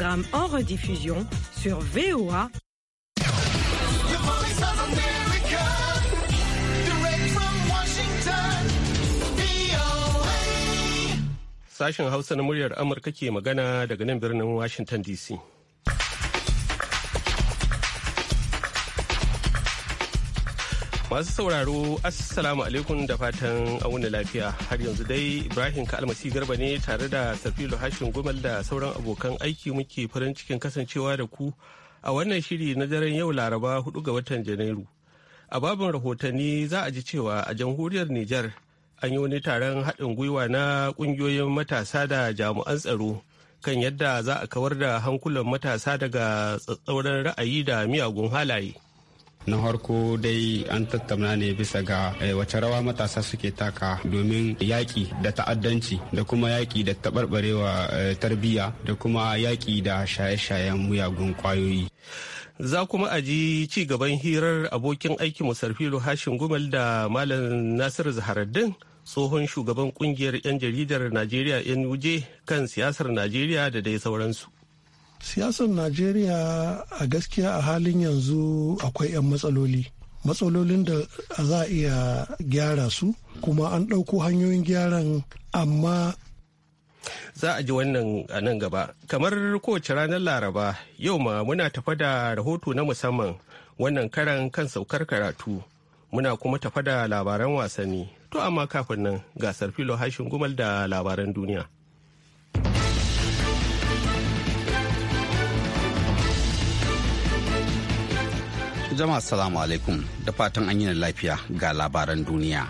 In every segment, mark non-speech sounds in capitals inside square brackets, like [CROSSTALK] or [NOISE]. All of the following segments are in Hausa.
programme en rediffusion sur VOA. Sashen Hausa na muryar Amurka ke magana daga nan birnin Washington DC. Masu sauraro Assalamu alaikum da fatan auna lafiya har yanzu dai Ibrahim ka almasi Garba ne tare da Safilu Hashin Gumal da sauran abokan aiki muke farin cikin kasancewa da ku a wannan shiri na daren yau Laraba 4 ga watan Janairu. A babin rahotanni za a ji cewa a jamhuriyar Nijar an yi wani taron haɗin gwiwa na ƙungiyoyin matasa da jami'an tsaro kan yadda za a kawar da hankulan matasa daga tsatsauran ra'ayi da miyagun halaye. na harko dai an tattauna ne bisa ga eh, wace rawa matasa suke taka domin yaƙi da ta'addanci da kuma yaƙi da taɓarɓarewa eh, tarbiyya da kuma yaƙi da shaye-shayen muyagun ƙwayoyi. Za kuma a ji ci gaban hirar abokin aiki Musarfilu Hashin Gumal da Malam Nasir Zaharaddin tsohon shugaban kungiyar 'yan jaridar Najeriya NUJ kan siyasar Najeriya da dai sauransu. siyasar najeriya a gaskiya a halin yanzu akwai 'yan matsaloli matsalolin da za a iya gyara su kuma an ɗauko hanyoyin gyaran amma za a ji wannan a nan gaba kamar kowace ranar laraba yau ma muna tafa da rahoto na musamman wannan karan kan saukar karatu muna kuma tafa da labaran wasanni to amma kafin nan gasar filo hashin gumal da labaran duniya jama'a salamu alaikum da fatan an yi na lafiya ga labaran duniya.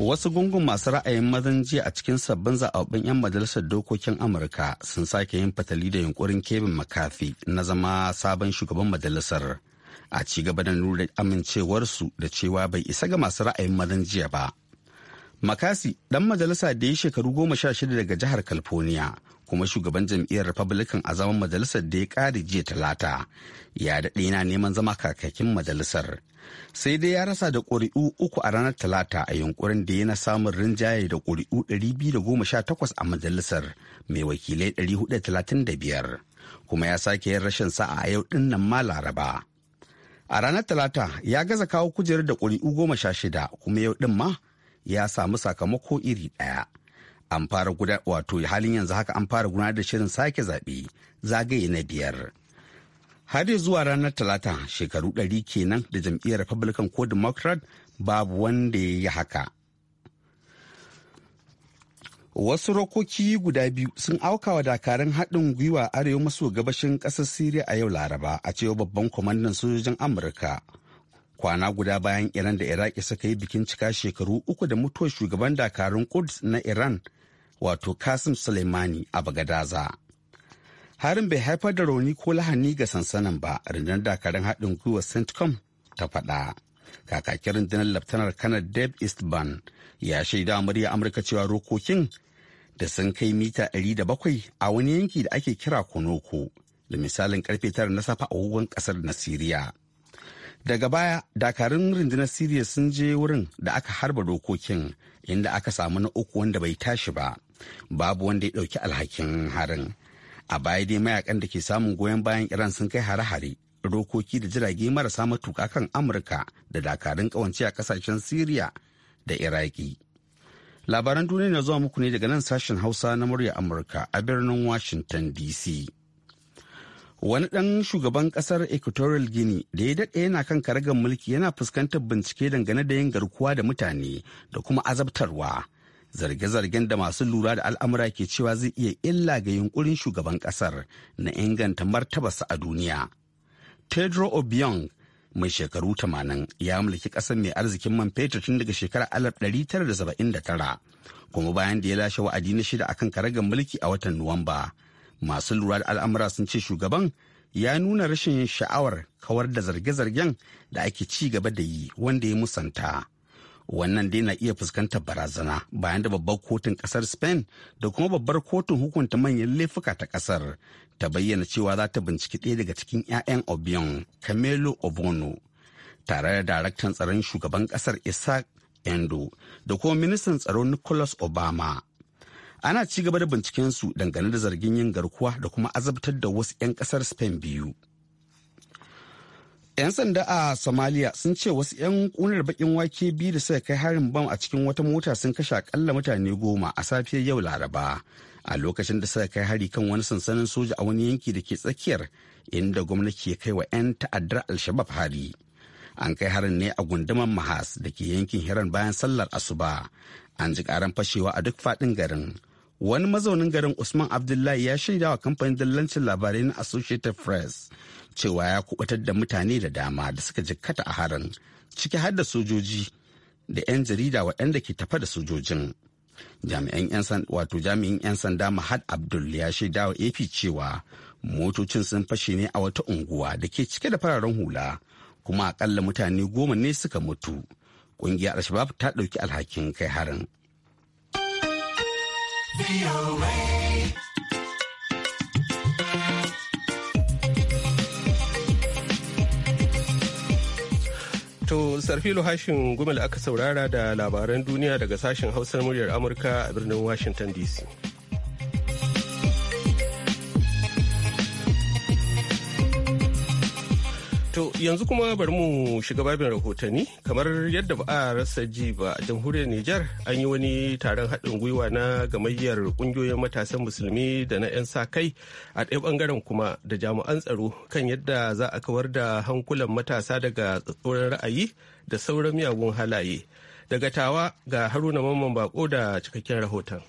Wasu gungun masu ra'ayin mazan jiya a cikin sabbin zaɓaɓɓen 'yan majalisar dokokin Amurka sun sake yin fatali da yunkurin kebin makafi na zama sabon shugaban majalisar a ci gaba da nuna amincewarsu da cewa bai isa ga masu ra'ayin mazan jiya ba. Makasi ɗan majalisa da ya shekaru goma sha shida daga jihar California kuma shugaban jam'iyyar republican a zaman majalisar da ya kare jiya talata ya daɗe na neman zama kakakin majalisar sai dai ya rasa da ƙuri'u uku a ranar talata a yunkurin da yana samun rinjaye da ƙuri'u ɗari biyu da sha takwas a majalisar mai wakilai ɗari da da biyar. kuma ya sake yin rashin sa'a a yau ɗin nan ma laraba a ranar talata ya gaza kawo kujerar da ƙuri'u goma sha shida kuma yau ɗin ma ya samu sakamako iri ɗaya an fara guda wato halin yanzu haka an fara gudanar da shirin sake zaɓe zagaye na biyar har zuwa ranar talata shekaru ɗari kenan da jam'iyyar republican ko democrat babu wanda ya yi haka wasu rokoki guda biyu sun auka wa dakarun haɗin gwiwa arewa maso gabashin ƙasar siriya a yau laraba a cewa babban kwamandan sojojin amurka kwana guda bayan iran da iraki suka yi bikin cika shekaru uku da mutuwar shugaban dakarun quds na iran wato kasim suleimani a bagadaza harin bai haifar da rauni ko lahani ga sansanin ba rundunar dakarun haɗin gwiwa centcom ta faɗa kakakin rundunar laftanar kanar dave eastburn ya shaida murya amurka cewa rokokin da sun kai mita 700 a wani yanki da ake kira konoko da misalin karfe tara na safa a agogon kasar na siriya daga baya dakarun rundunar siriya sun je wurin da aka harba dokokin inda aka samu na uku wanda bai tashi ba babu wanda ya ɗauki alhakin harin a baya dai mayakan da ke samun goyon bayan iran sun kai hare-hare rokoki da jirage marasa matuka kan amurka da dakarun kawance a kasashen siriya da iraki labaran duniya na zuwa muku ne daga nan sashen hausa na murya amurka a birnin washington dc wani ɗan shugaban ƙasar equatorial guinea da ya daɗe yana kan karagar mulki yana fuskantar bincike dangane da yin garkuwa da mutane da kuma azabtarwa zarge-zargen da masu lura da al'amura ke cewa zai iya illa ga yunkurin shugaban kasar na inganta martabarsa a duniya. Tedro Obiang mai shekaru 80 ya mulki kasar mai arzikin man fetur tun daga shekarar 1979 kuma bayan da ya lashe wa'adi na shida akan karagar mulki a watan Nuwamba. Masu lura da al'amura sun ce shugaban ya nuna rashin sha'awar kawar da zarge-zargen da ake ci gaba da yi wanda ya musanta. wannan dai na iya fuskantar barazana bayan da babbar kotun kasar spain da kuma babbar kotun hukunta manyan laifuka ta kasar ta bayyana cewa za ta binciki ɗaya daga cikin 'ya'yan obion camelo obono tare da daraktan tsaron shugaban kasar isaac endo da kuma ministan tsaro nicholas obama ana ci gaba da binciken su dangane da zargin yin garkuwa da kuma azabtar da wasu 'yan kasar spain biyu 'Yan sanda a Somalia sun ce wasu 'yan kunar bakin wake biyu da suka kai harin bam a cikin wata mota sun kashe akalla mutane goma a safiyar yau Laraba. A lokacin da suka kai hari kan wani sansanin soja a wani yanki da ke tsakiyar inda gwamnati ke kai wa 'yan ta'addar Alshabab hari. An kai harin ne a gundumar Mahas da ke yankin Hiran bayan sallar asuba. An ji karan fashewa a duk faɗin garin. wani mazaunin garin usman abdullahi ya shaidawa kamfanin dillancin labarai na associated press cewa ya kubutar da mutane da dama da suka jikkata a harin ciki har da sojoji da 'yan jarida waɗanda ke tafa da sojojin jami'an wato jami'in 'yan sanda mahad abdul ya shaida wa ap cewa motocin sun fashe ne a wata unguwa da ke cike da fararen hula kuma akalla mutane goma ne suka mutu ƙungiyar shabab ta ɗauki alhakin kai harin. To Sarfilo Hashin Gumel aka saurara da labaran duniya daga sashen Hausar muryar Amurka a birnin Washington DC. yanzu kuma bari mu shiga babin rahotanni kamar yadda ba a rasa ji ba a jamhuriyar Nijar an yi wani taron haɗin gwiwa na gamayyar ƙungiyoyin matasan musulmi da na 'yan sa kai a ɗaya ɓangaren kuma da jami'an tsaro kan yadda za a kawar da hankulan matasa daga tsoron ra'ayi da sauran miyagun halaye. Daga tawa ga Haruna Mamman Bako da cikakken rahoton.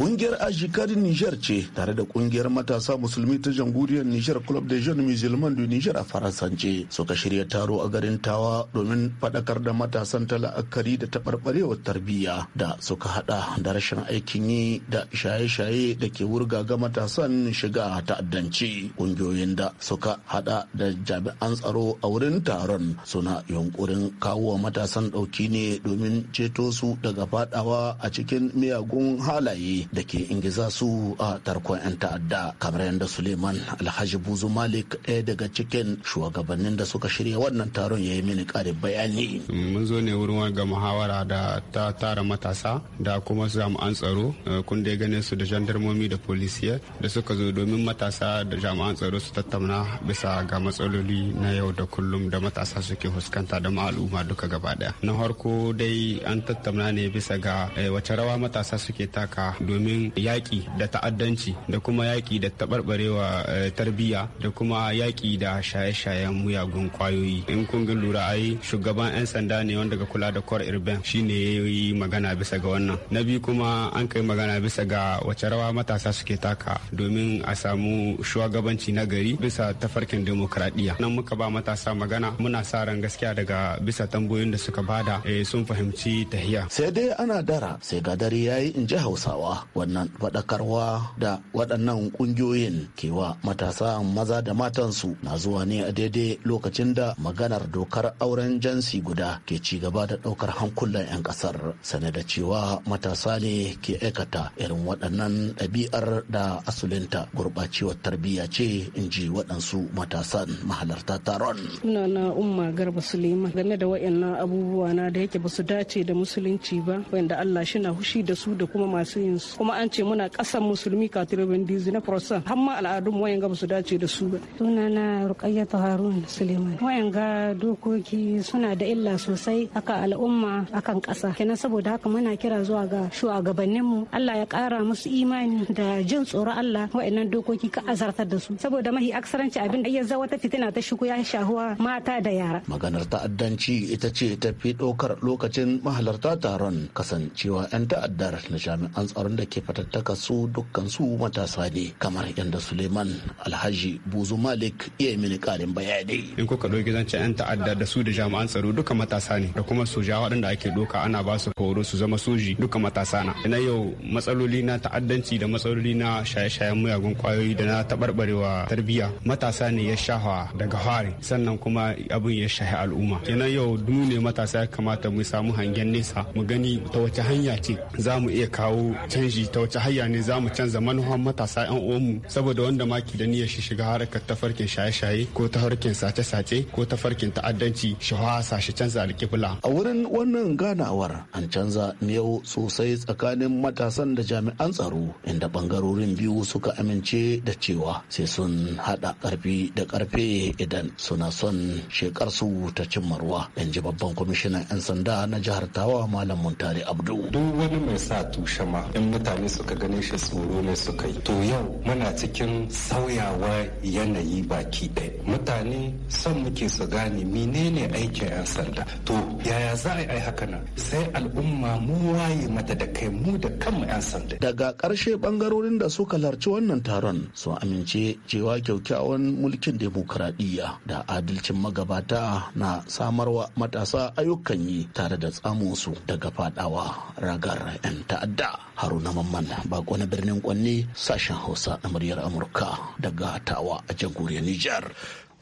Ƙungiyar Ashikari Nijar ce tare da ƙungiyar matasa musulmi ta jamhuriyar Nijar Club de Jeunes Musulman du Nijar a Faransance suka shirya taro a garin Tawa domin faɗakar da matasan ta la'akari da taɓarɓarewar tarbiyya da suka haɗa da rashin aikin yi da shaye-shaye da ke wurga ga matasan shiga ta'addanci. Ƙungiyoyin da suka haɗa da jami'an tsaro a wurin taron suna yunkurin kawo matasan ɗauki ne domin ceto su daga faɗawa a cikin miyagun halaye da ke ingiza su a tarkon 'yan ta'adda kamar yadda suleiman alhaji buzu malik ɗaya daga cikin shugabannin da suka shirya wannan taron ya yi mini ƙarin bayani mun zo ne wurin ga muhawara da ta tara matasa da kuma jami'an tsaro eh, kun dai gane su da jandarmomi da polisiya da suka zo domin matasa da jami'an tsaro su tattauna bisa ga matsaloli na yau da kullum da matasa suke fuskanta da maal'umma duka gaba daya na farko dai an tattauna ne bisa ga eh, wace rawa matasa suke taka domin domin yaƙi da ta'addanci da kuma yaƙi da taɓarɓarewa eh, tarbiyya da kuma yaƙi da shaye-shayen muyagun kwayoyi in kun ga lura ai shugaban 'yan sanda ne wanda ga kula da kwar irben shine ya yi magana bisa ga wannan na biyu kuma an kai magana bisa ga wace rawa matasa suke taka domin a samu shugabanci na gari bisa tafarkin demokradiyya nan muka ba matasa magana muna sa ran gaskiya daga bisa tambayoyin da suka bada eh, sun fahimci tahiya sai dai ana dara sai ga dare yayi in ji hausawa wannan faɗakarwa da waɗannan ƙungiyoyin kewa matasa maza da matansu na zuwa ne a daidai lokacin da maganar dokar auren jansi guda ke ci gaba da ɗaukar hankulan 'yan ƙasar sane da cewa matasa ne ke aikata irin waɗannan ɗabi'ar da asulinta gurɓacewar tarbiyya ce in ji waɗansu matasan mahalarta taron. na Umma Garba game da waɗannan abubuwa na da yake ba su dace da musulunci ba wanda Allah shi na hushi da su da kuma masu yin kuma an ce muna kasan musulmi katirin dizi na prosan har ma al'adun wayan ga su dace da su ba sunana ruqayyatu harun suleiman wayanga dokoki suna da illa sosai akan al'umma akan kasa kenan saboda haka muna kira zuwa ga shugabannin mu Allah ya kara musu imani da jin tsoro Allah wayannan dokoki ka azartar da su saboda mahi aksaranci abin da ya zawa ta fitina ta shigo ya shahuwa mata da yara maganar ta'addanci ita ce ta fi ɗaukar lokacin mahalarta taron kasancewa 'yan ta'addar na jami'an tsaron da ke fatattaka su dukkan su matasa ne kamar yadda suleiman alhaji buzu malik iya mini karin bayani in kuka doki zance yan ta'adda da su da jami'an tsaro duka matasa ne da kuma soja waɗanda ake ɗauka ana ba su horo su zama soji duka matasa na ina yau matsaloli na ta'addanci da matsaloli na shaye-shayen muyagun kwayoyi da na taɓarɓarewa tarbiyya matasa ne ya shafa daga fari sannan kuma abin ya shahi al'umma ina yau mu ne matasa ya kamata mu samu hangen nesa mu gani ta wace hanya ce za mu iya kawo canji shi ta wace hanya ne za mu canza manuhan matasa 'yan mu saboda wanda ma ke da niyyar shi shiga harkar tafarkin shaye-shaye ko tafarkin sace-sace ko tafarkin ta'addanci shi hasa shi canza alƙibla. A wurin wannan ganawar an canza miyau sosai tsakanin matasan da jami'an tsaro inda bangarorin biyu suka amince da cewa sai sun haɗa ƙarfi da ƙarfe idan suna son shekar su ta cimma ruwa. In ji babban kwamishinan 'yan sanda na jihar Tawa Malam Muntari Abdu. Duk wani mai sa tushe ma mutane suka ganin shi tsoro ne suka yi to yau muna cikin sauyawa yanayi baki ɗaya mutane son muke su gane menene aikin 'yan sanda to yaya za a yi haka nan sai al'umma mu waye mata da kai mu da kanmu 'yan sanda daga ƙarshe bangarorin da suka larci wannan taron sun amince cewa kyaukyawan mulkin demokuraɗiyya da adalcin magabata na samarwa matasa ayyukan yi tare da tsamusu daga fadawa ragar 'yan ta'adda haruna na mamman bako na birnin kwanne sashen hausa na muryar amurka daga tawa a jamhuriyar nijar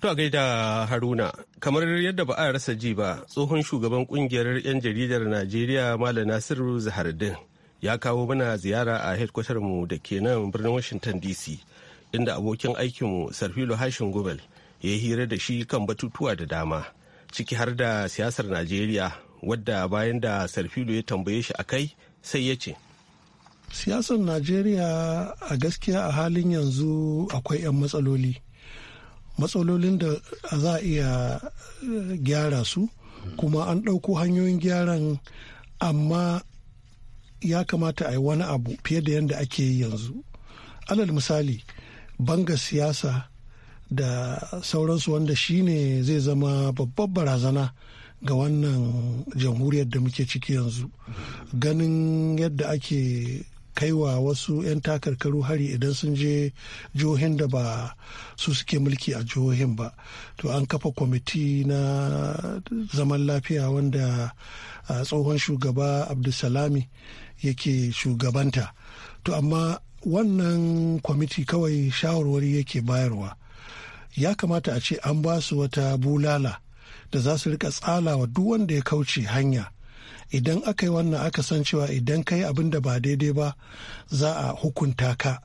To gaida Haruna, kamar yadda ba a rasa ji ba, tsohon shugaban kungiyar 'yan jaridar Najeriya Malam Nasiru Zahardin ya kawo mana ziyara a headquarter mu da ke nan birnin Washington DC, inda abokin aikinmu Sarfilo Hashin Gubel ya yi hira da shi kan batutuwa da dama, ciki har da siyasar Najeriya, wadda bayan da Sarfilo ya tambaye shi a kai sai ya ce. siyasar najeriya a gaskiya a halin yanzu akwai 'yan matsaloli matsalolin da za a iya eh, gyara su kuma an ɗauko hanyoyin gyaran amma ya kamata a yi wani abu fiye da yadda ake yi yanzu alal misali banga siyasa da sauransu wanda shine zai zama babbar barazana ga wannan jamhuriyar da muke ciki yanzu ganin yadda ake kaiwa wasu 'yan takarkaru hari idan sun je jihohin da ba su suke mulki a jihohin ba to an kafa kwamiti na zaman lafiya wanda tsohon shugaba abdulsalami yake shugabanta to amma wannan kwamiti kawai shawarwari yake bayarwa ya kamata a ce an ba su wata bulala da za su rika wa duk wanda ya kauce hanya idan aka yi wannan aka san cewa idan ka yi abin da ba daidai ba za a hukunta ka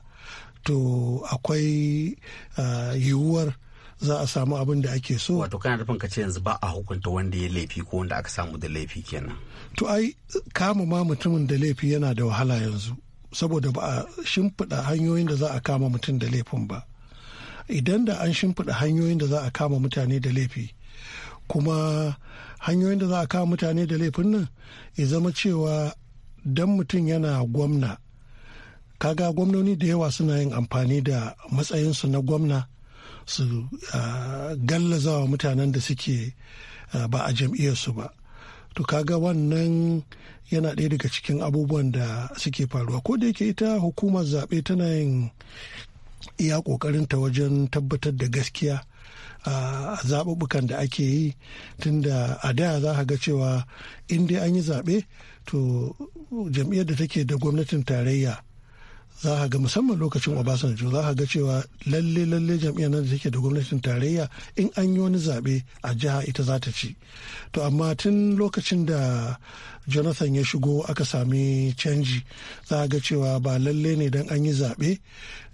to akwai ah, yiwuwar za a samu abin da ake so. Wato kana da ka ce yanzu ba a hukunta wanda ya laifi ko wanda aka samu da laifi kenan. To ai kama ma mutumin da laifi yana da wahala yanzu saboda ba a shimfiɗa hanyoyin da za a kama mutum da laifin ba. Idan da an shimfiɗa hanyoyin da za a kama mutane da laifi kuma hanyoyin da za a kawo mutane da laifin nan ya zama cewa dan mutum yana gwamna kaga gwamnoni da yawa suna yin amfani da matsayinsu na gwamna su wa mutanen da suke ba a jam'iyyarsu ba to kaga wannan yana ɗaya daga cikin abubuwan da suke faruwa ko da yake ita hukumar zaɓe tana yin iya ƙoƙarinta wajen tabbatar da gaskiya a zaɓuɓɓukan da ake yi tunda a da za a ga cewa in dai an yi zaɓe to jam'iyyar da take da gwamnatin tarayya za a ga musamman lokacin obasanjo za a ga cewa lalle lalle jam'iyyar nan da take da gwamnatin tarayya in an yi wani zaɓe a jiha ita za ta ci to amma tun lokacin da jonathan ya shigo aka sami canji za a ga cewa ba lalle ne dan an yi zaɓe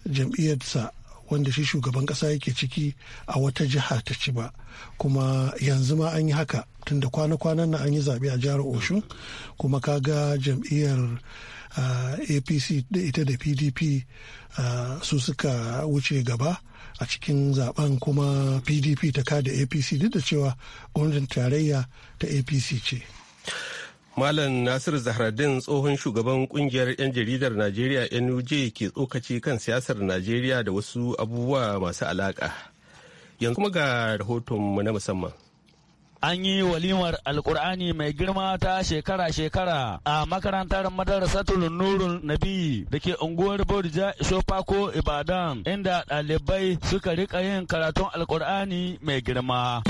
jam'iyyarsa wanda shi shugaban ƙasa yake ciki a wata jiha ta ci ba kuma yanzu ma an yi haka tunda kwana-kwanan na an yi zaɓe a jihar oshun kuma kaga jam'iyyar uh, ah, apc da ita da pdp uh, ah, su suka wuce gaba a cikin zaben kuma pdp ta kada apc duk da cewa gwamnatin tarayya ta apc ce Malam Nasir zahradin tsohon shugaban kungiyar 'yan jaridar Najeriya NUJ ke tsokaci kan siyasar Najeriya da wasu abubuwa masu alaƙa. Yanzu kuma ga rahotonmu na musamman. An yi walimar Alƙur'ani mai girma ta shekara-shekara a makarantar madarasatul Nurul nabi da ke unguwar Borja ko Ibadan inda ɗalibai suka riƙa yin karatun Alƙur'ani mai girma.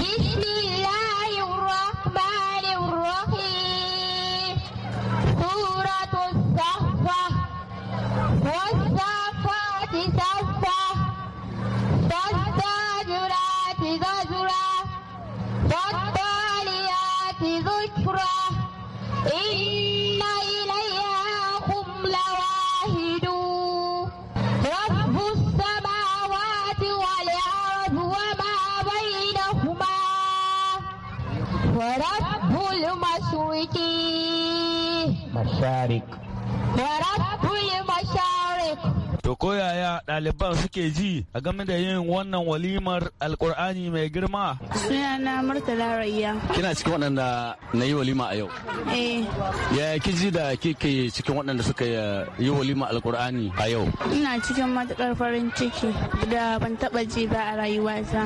والصافات صفا فالزاجرات زجرا فالطاليات ذكرا إن إليكم لواهد رب السماوات والأرض وما بينهما ورب المشرق مشارق ورب المشرق To ko yaya ɗaliban suke ji a game da yin wannan walimar alkur'ani mai girma? na Murtala Rayya. Kina cikin waɗanda na yi walima a yau? Eh. Ya ki ji da kike cikin waɗanda suka eh, yi walima alkur'ani a yau? Ina cikin matuƙar farin ciki da ban taɓa ji ba a rayuwata.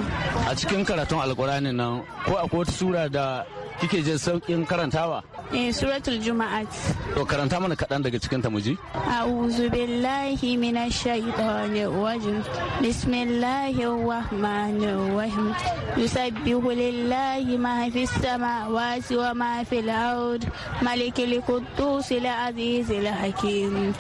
A cikin karatun alkur'ani nan ko akwai wata sura da kike jin sauƙin karantawa? Eh suratul Juma'at. To karanta mana kaɗan daga cikin ta muji? A'udhu billahi minash shaitanir rajim. Bismillahir rahmanir rahim. Yusabbihu lillahi ma fis samawati wa ma fil ard. Malikil quddus azizil hakim.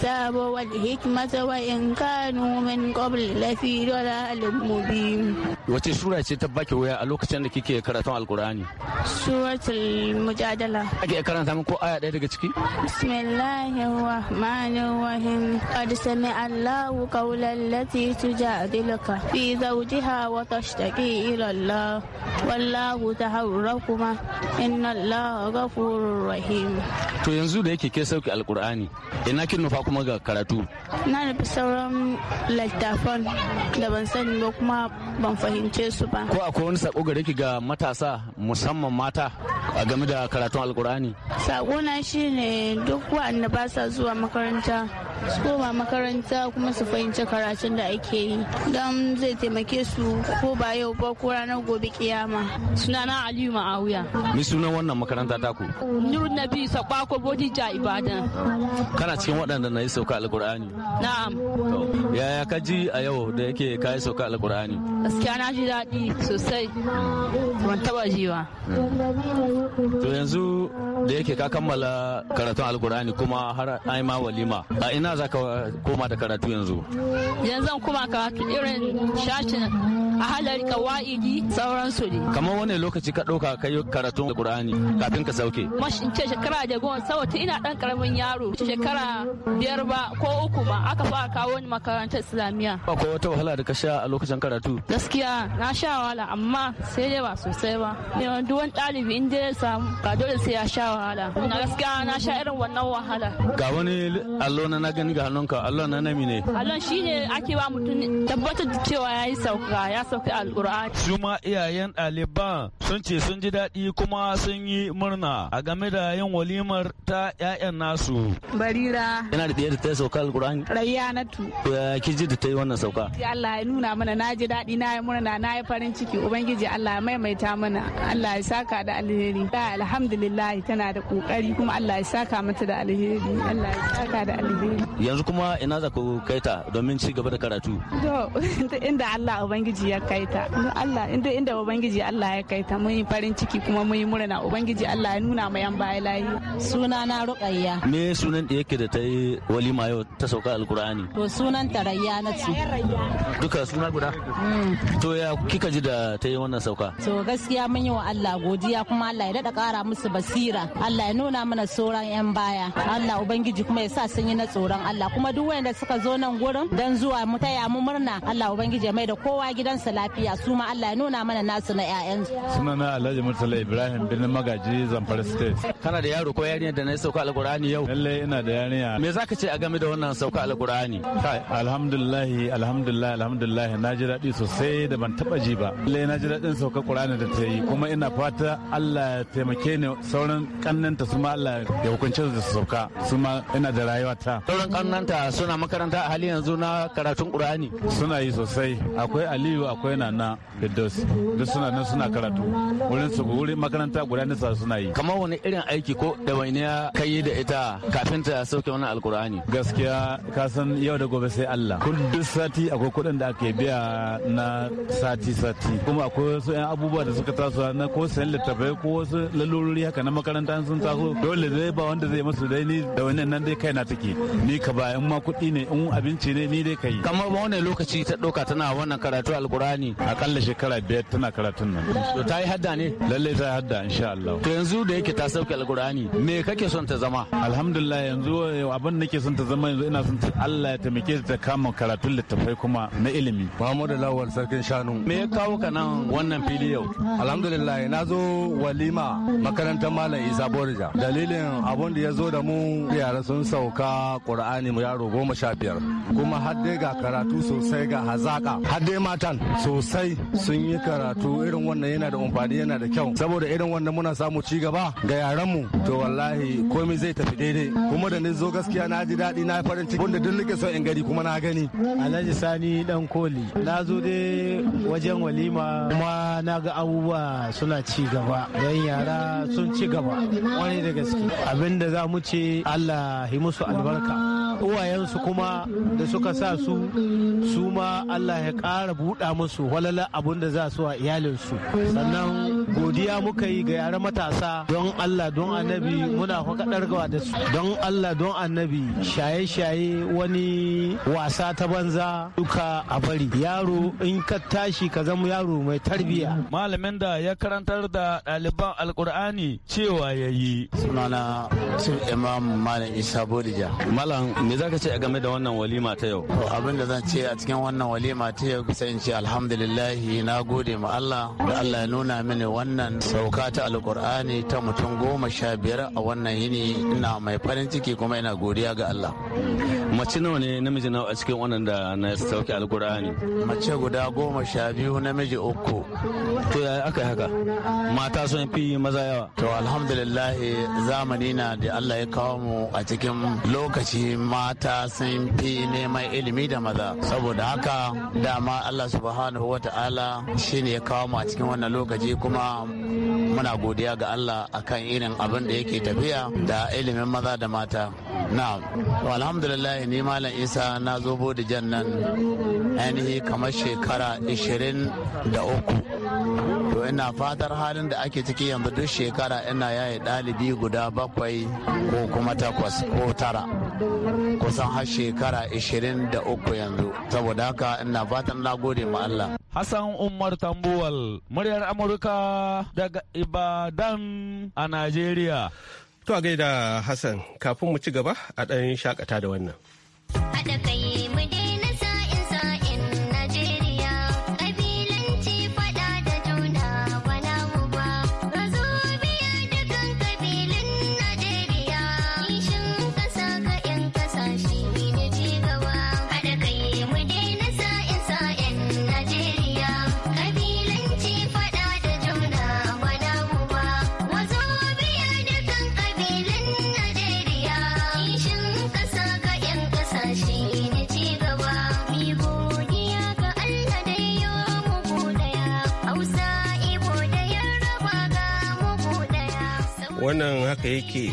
Sabuwar والحكمة وإن كانوا من قبل لفي ضلال مبين wace sura ce ta baki waya a lokacin da kike karatun alkur'ani suratul mujadala ake karanta muku aya ɗaya daga ciki bismillahir rahmanir rahim qad sami'a allahu qawla allati tujadiluka fi zawjiha wa tashtaki ila allah wallahu tahawrakuma inna allaha to yanzu da yake ke sauki alkur'ani ina kin nufa kuma ga karatu na nufi sauran littafan da ban sani ba kuma ban fahimce su ba ko akwai wani sako gare ki ga matasa musamman mata a game da karatun alkur'ani sako na ne duk wa'anda ba sa zuwa makaranta su koma makaranta kuma su fahimci karatun da ake yi don zai taimake su ko ba yau ba ko ranar gobe kiyama sunana aliyu ma'awiya ni sunan wannan makaranta taku nur nabi sakwako bodija ibadan kana cikin waɗanda na yi sauka alƙur'ani na'am yaya ka ji a yau da yake ka yi sauka alƙur'ani gaskiya na ji daɗi sosai ban taɓa ji ba to yanzu da yake ka kammala karatun alƙur'ani kuma har ai ma walima a ina ina za ka eh, koma da karatu yanzu yanzu kuma karatu irin shashin A halar kawaidi sauransu ne kamar wani lokaci ka ɗauka kai karatun qur'ani kafin ka sauke mashi ce shekara da goma saboda ina dan karamin yaro shekara biyar ba ko uku ba aka fara kawo ni makarantar islamiyya ba ko wata wahala da ka sha a lokacin karatu gaskiya na sha wahala amma sai dai ba sosai ba duk wani ɗalibi in dai samu ka dole sai ya sha wahala na gaskiya na sha irin wannan wahala ga wani allo na na gani ga hannunka allo na nami ne allon shine ake ba mutum tabbatar da cewa ya yi sauka ya sauke alkur'ani su ma iyayen ɗaliban sun ce sun ji daɗi kuma sun yi murna a game da yin walimar ta 'ya'yan nasu barira yana da da ta sauka alkur'ani tu. ya ki ji da ta yi wannan sauka Allah ya nuna mana na ji daɗi na yi murna na yi farin ciki ubangiji Allah ya maimaita mana Allah ya saka da alheri alhamdulillah tana da kokari kuma Allah ya saka mata da alheri Allah ya saka da alheri yanzu kuma ina za ku kai ta domin ci gaba da karatu to [LAUGHS] inda Allah ubangiji ya ya kai ta Allah inda inda ubangiji Allah ya kai ta mun yi farin ciki kuma mun yi murna ubangiji Allah ya nuna mu yan baya layi suna na ruqayya me sunan da yake da ta yi walima yau ta sauka alqur'ani to sunan tarayya na ci duka suna guda mm. to ya kika ji da ta yi wannan sauka to gaskiya mun yi wa Allah godiya kuma Allah ya dada kara musu basira Allah ya nuna mana sauran yan baya Allah ubangiji kuma ya sa sun yi na tsoron Allah kuma duk wanda suka zo nan gurin dan zuwa mu taya mu murna Allah ubangiji ya mai da kowa gidansa nasa lafiya su ma Allah ya nuna mana nasu na 'ya'yan suna na Alhaji Murtala Ibrahim bin magaji Zamfara State kana da yaro ko yarinya da na sauka Alkur'ani yau lalle ina da yarinya me za ka ce a game da wannan sauka alqur'ani alhamdulillah alhamdulillah alhamdulillah na ji daɗi sosai da ban taba ji ba lalle na ji daɗin sauka qur'ani da ta yi kuma ina fata Allah ya taimake ni sauran kannanta su ma Allah ya hukunce su su sauka su ma ina da rayuwa ta sauran kannanta suna makaranta a hali yanzu na karatun qur'ani suna yi sosai akwai Aliyu akwai na fidus duk suna nan suna karatu wurin su wurin makaranta guda nisa suna yi kamar wani irin aiki ko da wani ya kai da ita kafin ta sauke wani alkur'ani gaskiya ka san yau da gobe sai Allah kun duk sati akwai kuɗin da ake biya na sati sati kuma akwai wasu yan abubuwa da suka taso na ko sayan littafai ko wasu lalurori haka na makaranta sun taso dole dai ba wanda zai musu dai ni da wani nan dai kai na take ni ka ba in ma kuɗi ne in abinci ne ni dai kai kamar ba wani lokaci ta ɗauka tana wannan karatu alkur'ani Qur'ani akalla shekara biyar tana karatun nan. To ta yi hadda ne? lallai ta yi hadda insha Allah. To yanzu da yake ta sauke kurani me kake son ta zama? Alhamdulillah yanzu eh, abin nake son ta zama yanzu ina son ta Allah ya taimake ta kama karatun littattafai kuma na ilimi. Muhammadu Lawal sarkin shanu. Me ya kawo ka nan wannan fili yau? Alhamdulillah na zo walima makarantar Malam Isa Borja. Dalilin abun da ya zo da mu yara sun sauka Kur'ani mu yaro goma sha biyar. Kuma har ga karatu sosai ga hazaka har dai matan sosai sun yi karatu irin wannan yana da amfani yana da kyau saboda irin wannan muna samu ci gaba ga yaran mu to wallahi komai zai tafi daidai kuma da ni zo gaskiya na ji daɗi na farin ciki wanda duk nake so in gani kuma na gani alhaji sani dan koli na zo dai wajen walima kuma na ga abubuwa suna ci gaba don yara sun ci gaba wani da gaske abinda za mu ce allah yi musu albarka uwayensu kuma da suka sa su su ma allah ya ƙara buɗa musu walala abun da za su a iyalinsu sannan godiya muka yi ga yara matasa don Allah don annabi muna gawa da su don Allah don annabi shaye-shaye wani wasa ta banza duka a bari yaro in ka tashi ka zama yaro mai tarbiya malamin da ya karantar da ɗaliban alkur'ani cewa ya yi sunana sun imam malam isa bolija malam me zaka ce game da wannan walima ta yau abin da zan ce a cikin wannan walima ta yau sai in ce alhamdulillah na gode ma Allah da Allah ya nuna mini wannan sauka ta alkur'ani ta mutum goma sha biyar a wannan yini ina mai farin ciki kuma ina godiya ga Allah. Mace nawa ne namiji nawa a cikin wannan da na sauke alkur'ani? Mace guda goma sha biyu namiji uku. To ya aka haka? Mata sun fi maza yawa. To alhamdulillah zamani na da Allah ya kawo mu a cikin lokaci mata sun fi neman ilimi da maza. Saboda haka dama Allah subhanahu wa ta'ala shi ne ya kawo mu a cikin wannan lokaci kuma muna godiya ga Allah akan irin abin da yake tafiya da ilimin maza da mata na alhamdulillah ni malam isa na zo jan nan ainihi kamar shekara da uku. to ina fatar halin da ake ciki yanzu duk shekara ina yaye ɗalibi guda bakwai ko kuma takwas ko tara kusan har shekara 23 yanzu saboda haka ina fatan na gode ma Allah Hassan Umar Tambuwal muryar Amurka daga Ibadan a Najeriya To a gaida Hassan kafin mu ci gaba a ɗan shakata da wannan. Haɗa kai mu haka yake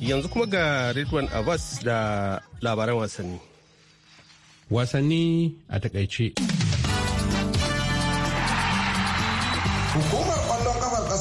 yanzu kuma ga Ridwan Abbas da labaran wasanni. Wasanni a takaice.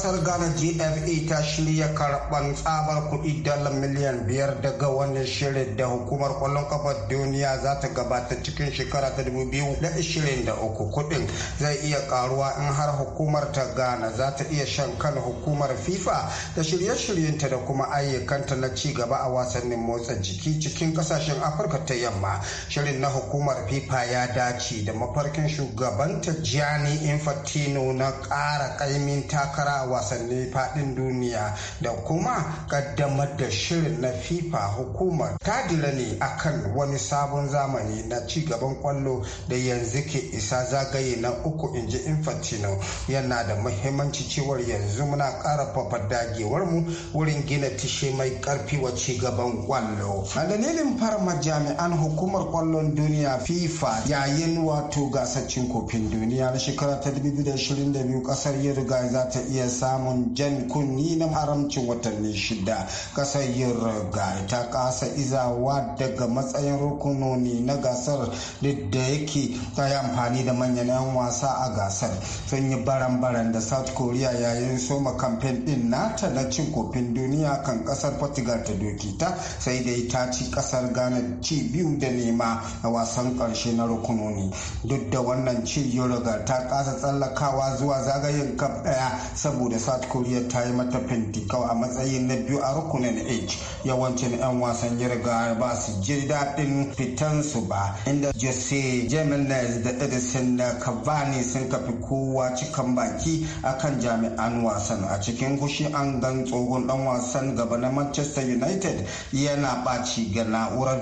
kasar ghana gfa ta shirya karban tsabar kuɗi dala miliyan biyar daga wannan shirin da hukumar kwallon kafa duniya za ta gabata cikin shekara ta da uku kuɗin zai iya karuwa in har hukumar ta ghana za ta iya shan kan hukumar fifa da shirye-shiryenta da kuma ayyukanta na ci gaba a wasannin motsa jiki cikin kasashen afirka ta yamma shirin na hukumar fifa ya dace da mafarkin shugabanta gianni infantino na ƙara ƙaimin takara wa wasanni fadin duniya da kuma kaddamar da shirin na fifa hukumar ta dira ne akan wani sabon zamani na ci gaban kwallo da yanzu ke isa zagaye na uku inji infantino yana da mahimmanci cewar yanzu muna karfafa dagewar mu wurin gina tishe mai karfi wa ci gaban kwallo a dalilin farma jami'an hukumar kwallon duniya fifa yayin wato gasar cin kofin duniya na shekara ta 2022 kasar ya riga za ta iya samun jan kunni na haramcin watanni shida kasar Uruguay ta kasa izawa daga matsayin rukunoni na gasar da yake ta yi amfani da manyan 'yan wasa a gasar sun yi baran-baran da South Korea yayin soma kamfen din nata na cin kofin duniya kan kasar Portugal ta doki ta sai dai ta ci kasar Ghana ci biyu da nema a wasan karshe na rukunoni duk da wannan ci Uruguay ta kasa tsallakawa zuwa zagayen kaf daya saboda da south korea ta yi mata pentikau a matsayin na biyu a rukunin h yawancin 'yan wasan yarga ba su ji daɗin fitansu ba inda jose jimenez da edison da cavani sun kafi kowa cikan baki akan jami'an wasan a cikin gushi an gan tsohon dan wasan gaba na manchester united yana ɓaci ga na'urar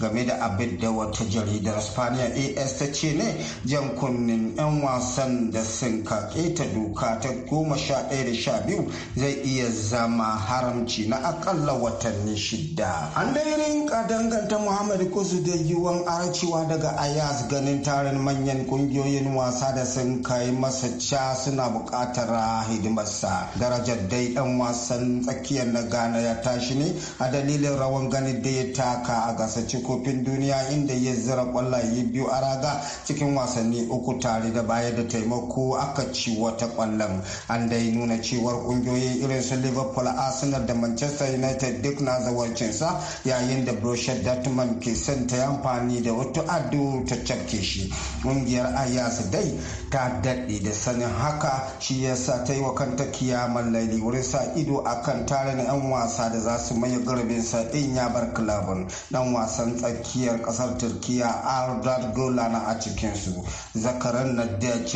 var game da abin da wata jaridar spaniya as ta ce ne jan kunnen 'yan wasan da sun kaƙe ta doka ta goma sha ɗaya da sha biyu zai iya zama haramci na akalla watanni shida an dai rinka danganta muhammad kusu da yiwuwan aracewa daga ayas ganin tarin manyan kungiyoyin wasa da sun kai masa ca suna buƙatar hidimarsa darajar dai ɗan wasan tsakiyar na ghana ya tashi ne a dalilin rawan ganin da ya taka a gasar kofin duniya inda ya zira kwallaye biyu a raga cikin wasanni uku tare da baya da taimako aka ci wata kwallon an dai nuna cewar kungiyoyin irin su liverpool arsenal da manchester united duk na zawarcinsa yayin da borussia dortmund ke son ta yi amfani da wata ado ta cakke shi kungiyar ayas dai ta daɗe da sanin haka shi yasa ta yi wa kanta kiyamar laili wurin sa ido a kan tare tarin 'yan wasa da za su maye garbin sa in ya bar kilabin dan wasan tsakiyar kasar turkiya ardad gola na a cikinsu zakaran na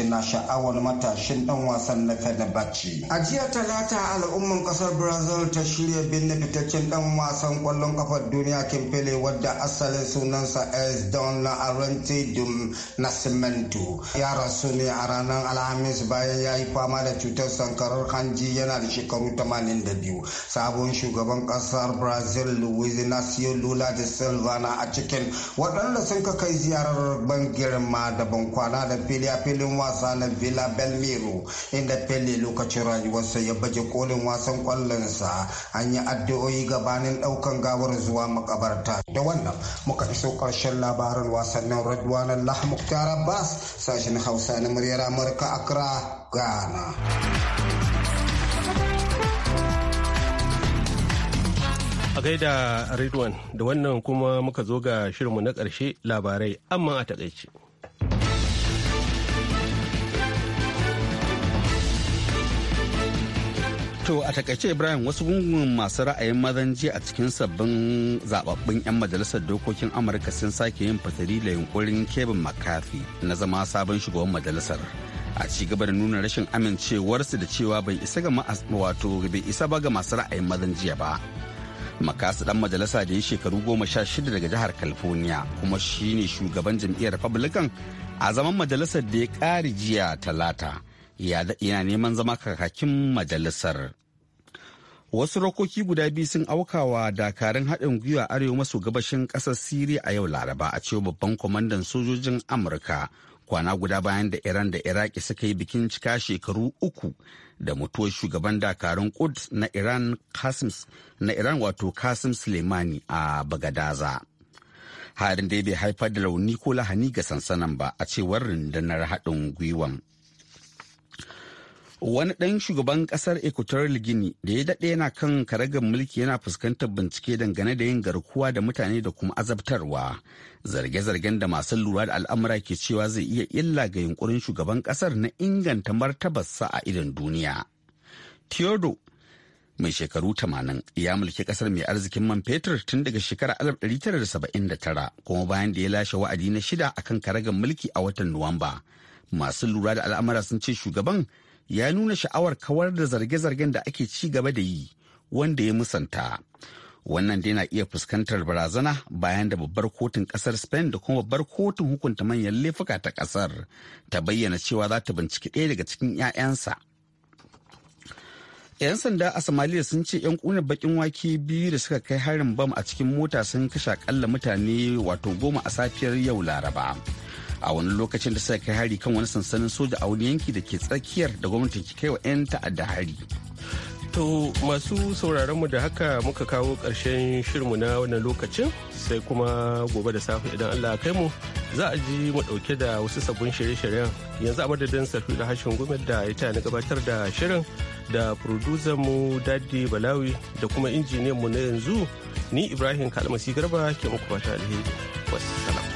na sha'awar matashin dan wasan na bacci A jiya talata al'umman kasar Brazil ta shirya binne fitaccen dan wasan kwallon kafar duniya Kimpele wadda asalin sunansa S. Don Laurenti Dum Nascimento. Ya rasu ne a ranar Alhamis bayan ya yi fama da cutar sankarar hanji yana da shekaru 82. Sabon shugaban kasar Brazil Luiz siyo Lula da Silva na a cikin waɗanda sun kai ziyarar ban girma da kwana da fili a filin wasa na Villa Belmiro inda pele lokacin rayuwarsa ya baje kolin wasan kwallonsa an yi addu'o'i gabanin daukan gawar zuwa makabarta da wannan muka iso karshen labarin wasannin radwan allah muktar abbas sashen hausa na muryar amurka accra ghana a gaida ridwan da wannan kuma muka zo ga shirinmu na ƙarshe labarai amma a takaice. To a takaice Ibrahim wasu gungun masu ra'ayin mazan jiya a cikin sabbin zababbin 'yan majalisar dokokin Amurka sun sake yin fatali da yunkurin Kevin makafi na zama sabon shugaban majalisar. A ci gaba da nuna rashin amincewarsu da cewa bai isa ga wato bai isa ba ga masu ra'ayin mazan jiya ba. Makasu ɗan majalisa da ya shekaru goma sha shida daga jihar California kuma shine shugaban jam'iyyar Republican a zaman majalisar da ya kare jiya talata. yana neman zama kakakin majalisar. Wasu rokoki guda biyu sun aukawa dakarun haɗin gwiwa arewa maso gabashin ƙasar Siriya a yau Laraba a cewa babban kwamandan sojojin Amurka kwana guda bayan da Iran da Iraki suka yi bikin cika shekaru uku da mutuwar shugaban dakarun ƙud na Iran na Iran wato Kasim Suleimani a Bagadaza. Harin dai bai haifar da launi ko lahani ga sansanan ba a cewar rundunar haɗin gwiwan. wani ɗan shugaban ƙasar equatorial guinea da ya daɗe yana kan karagar mulki yana fuskantar bincike dangane da yin garkuwa da mutane da kuma azabtarwa zarge-zargen da masu lura da al'amura ke cewa zai iya illa ga yunkurin shugaban ƙasar na inganta martabarsa a idon duniya Theodo, mai shekaru 80 ya mulki kasar mai arzikin man fetur tun daga shekarar 1979 kuma bayan da ya lashe wa'adi na shida akan karagar mulki a watan nuwamba masu lura da al'amura sun ce shugaban ya nuna sha'awar kawar da zarge-zargen da ake ci gaba da yi wanda ya musanta. Wannan dai na iya fuskantar barazana bayan da babbar kotun kasar Spain da kuma babbar kotun hukunta manyan laifuka ta kasar ta bayyana cewa za ta binciki ɗaya daga cikin 'ya'yansa. 'Yan sanda a Somalia sun ce 'yan ƙunar bakin wake biyu da suka kai harin bam a cikin mota sun kashe akalla mutane wato goma a safiyar yau Laraba. a wani lokacin da suka kai hari kan wani sansanin soja a wani yanki da ke tsakiyar da gwamnatin ke kai wa 'yan ta'adda hari to masu sauraron mu da haka muka kawo ƙarshen shirmu na wannan lokacin sai kuma gobe da safe idan Allah kai mu za a ji mu ɗauke da wasu sabbin shirye-shiryen yanzu a madadin safi da hashin gumel da ya na gabatar da shirin da producer mu dadi balawi da kuma injiniyan mu na yanzu ni ibrahim kalmasi garba ke muku fata alheri wassalam